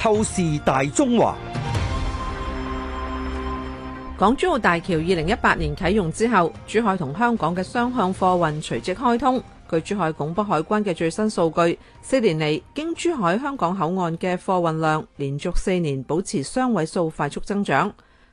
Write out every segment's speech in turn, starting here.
透視大中華，港珠澳大橋二零一八年啟用之後，珠海同香港嘅雙向貨運隨即開通。據珠海拱北海關嘅最新數據，四年嚟經珠海香港口岸嘅貨運量連續四年保持雙位數快速增長。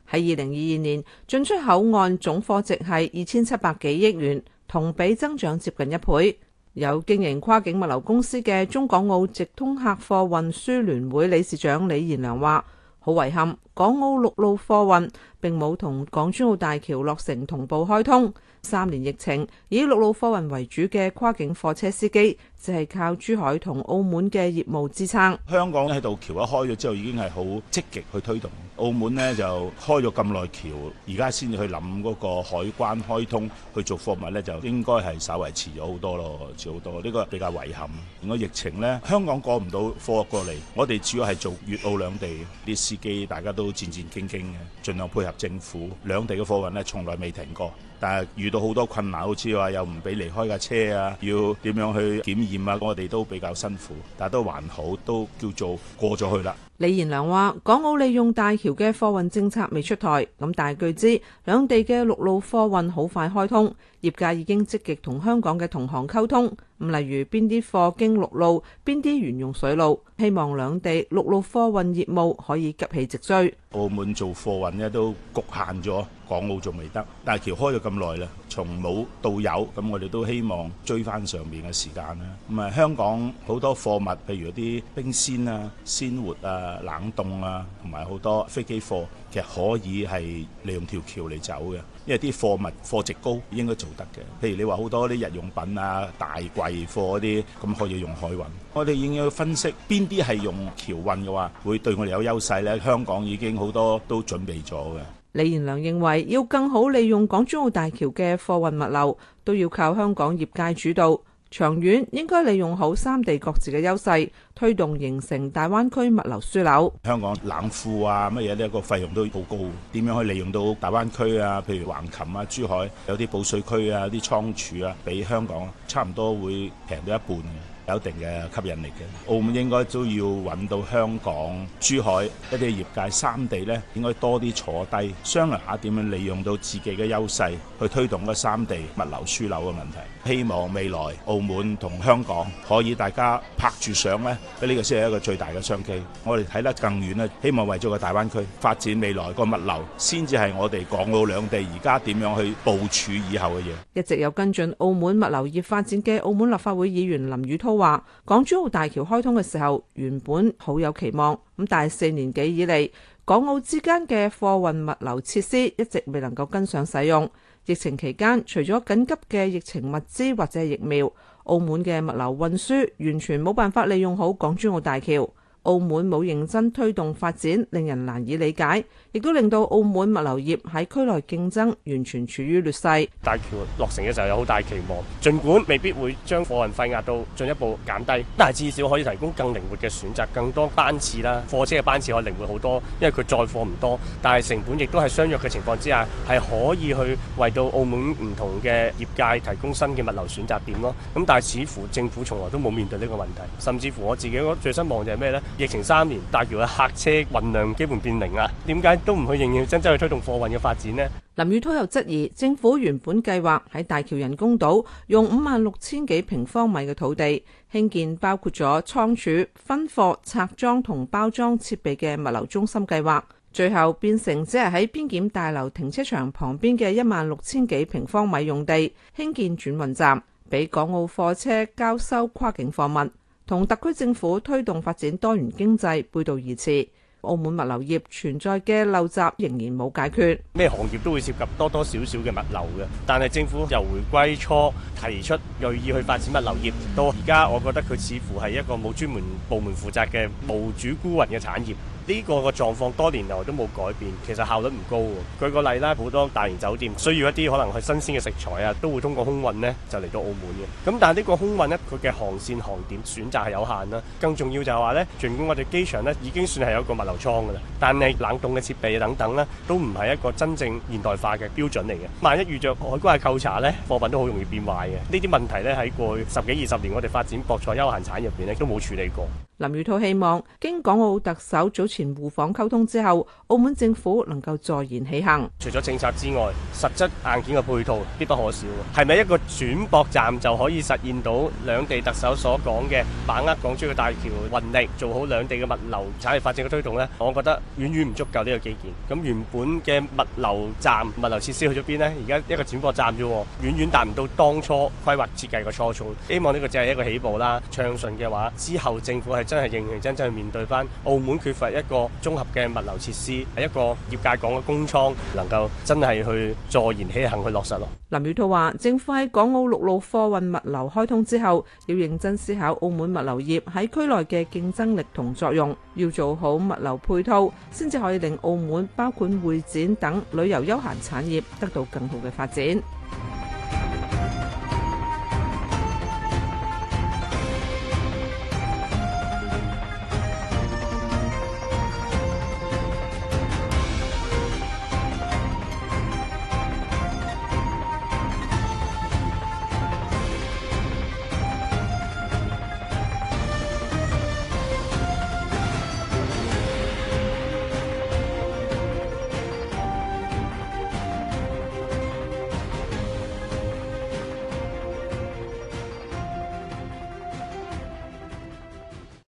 喺二零二二年，進出口岸總貨值係二千七百幾億元，同比增長接近一倍。有經營跨境物流公司嘅中港澳直通客貨運輸聯會理事長李賢良話，好遺憾，港澳陸路貨運並冇同港珠澳大橋落成同步開通。三年疫情，以陸路貨運為主嘅跨境貨車司機，就係靠珠海同澳門嘅業務支撐。香港喺度橋一開咗之後，已經係好積極去推動。澳門咧就開咗咁耐橋，而家先至去諗嗰個海關開通去做貨物咧，就應該係稍為遲咗好多咯，遲好多。呢個比較遺憾。咁個疫情咧，香港過唔到貨過嚟，我哋主要係做粵澳兩地啲司機，大家都戰戰兢兢嘅，盡量配合政府兩地嘅貨運咧，從來未停過。但係遇到好多困難之，好似話又唔俾離開架車啊，要點樣去檢驗啊？我哋都比較辛苦，但都還好，都叫做過咗去啦。李賢良話：港澳利用大橋嘅貨運政策未出台，但據知兩地嘅陸路貨運好快開通，業界已經積極同香港嘅同行溝通，唔，例如邊啲貨經陸路，邊啲沿用水路，希望兩地陸路貨運業務可以急起直追。澳門做貨運呢都局限咗，港澳仲未得，大橋開咗咁耐啦。從冇到有，咁我哋都希望追返上面嘅時間啦。咁啊，香港好多貨物，譬如啲冰鮮啊、鮮活啊、冷凍啊,同埋好多飛機貨，其實可以係利用條橋嚟走㗎。因為啲貨物，貨值高，應該做得㗎。譬如你話好多啲日用品啊、大櫃貨嗰啲，咁可以用海運。我哋應該分析邊啲係用橋運嘅話，會對我哋有優勢呢,香港已經好多都準備咗㗎。李賢良認為，要更好利用港珠澳大橋嘅貨運物流，都要靠香港業界主導，長遠應該利用好三地各自嘅優勢。推動形成大灣區物流樞紐，香港冷庫啊，乜嘢呢個費用都好高，點樣可以利用到大灣區啊？譬如橫琴啊、珠海有啲保稅區啊、啲倉儲啊，比香港差唔多會平到一半，有一定嘅吸引力嘅。澳門應該都要揾到香港、珠海一啲業界三地呢，應該多啲坐低商量下點樣利用到自己嘅優勢去推動嗰三地物流樞紐嘅問題。希望未來澳門同香港可以大家拍住上呢。呢個先係一個最大嘅商機。我哋睇得更遠，希望為咗個大灣區發展未來個物流，先至係我哋港澳兩地而家點樣去部署以後嘅嘢。一直有跟進澳門物流業發展嘅澳門立法會議員林宇滔話：港珠澳大橋開通嘅時候，原本好有期望，咁但係四年幾以嚟，港澳之間嘅貨運物流設施一直未能夠跟上使用。疫情期間，除咗緊急嘅疫情物資或者疫苗。澳門嘅物流運輸完全冇辦法利用好港珠澳大橋。澳門冇認真推動發展，令人難以理解，亦都令到澳門物流業喺區內競爭完全處於劣勢。大橋落成嘅時候有好大期望，盡管未必會將貨運費壓到進一步減低，但係至少可以提供更靈活嘅選擇，更多班次啦，貨車嘅班次可以靈活好多，因為佢載貨唔多，但係成本亦都係相若嘅情況之下，係可以去為到澳門唔同嘅業界提供新嘅物流選擇點咯。咁但係似乎政府從來都冇面對呢個問題，甚至乎我自己我最失望就係咩呢？疫情三年，大橋嘅客車運量基本變零啊！點解都唔去認認真真去推動貨運嘅發展呢？林宇滔又質疑政府原本計劃喺大橋人工島用五萬六千幾平方米嘅土地興建包括咗倉儲、分貨、拆裝同包裝設備嘅物流中心計劃，最後變成只係喺邊檢大樓停車場旁邊嘅一萬六千幾平方米用地興建轉運站，俾港澳貨車交收跨境貨物。同特區政府推動發展多元經濟背道而馳。澳門物流業存在嘅陋習仍然冇解決。咩行業都會涉及多多少少嘅物流嘅，但係政府由回歸初提出，銳意去發展物流業，到而家我覺得佢似乎係一個冇專門部門負責嘅無主孤魂嘅產業。呢個個狀況多年來都冇改變，其實效率唔高喎。舉個例啦，好多大型酒店需要一啲可能係新鮮嘅食材啊，都會通過空運呢就嚟到澳門嘅。咁但係呢個空運呢，佢嘅航線、航點選擇係有限啦。更重要就係話呢，儘管我哋機場呢已經算係有一個物流倉㗎啦，但係冷凍嘅設備等等呢，都唔係一個真正現代化嘅標準嚟嘅。萬一遇着海關嘅扣查呢，貨品都好容易變壞嘅。呢啲問題呢，喺過去十幾二十年我哋發展博彩休閒產業入邊呢都冇處理過。林宇濤希望經港澳特首早前互訪溝通之後，澳門政府能夠再言起行。除咗政策之外，實質硬件嘅配套必不可少。係咪一個轉駁站就可以實現到兩地特首所講嘅把握港珠澳大橋運力，做好兩地嘅物流產業發展嘅推動呢？我覺得遠遠唔足夠呢個基建。咁原本嘅物流站、物流設施去咗邊呢？而家一個轉駁站啫，遠遠達唔到當初規劃設計嘅初衷。希望呢個只係一個起步啦。暢順嘅話，之後政府係。真係認認真真去面對翻澳門缺乏一個綜合嘅物流設施，係一個業界講嘅工廠，能夠真係去坐言起行去落實咯。林宇滔話，政府喺港澳陸路貨運物流開通之後，要認真思考澳門物流業喺區內嘅競爭力同作用，要做好物流配套，先至可以令澳門包括會展等旅遊休閒產業得到更好嘅發展。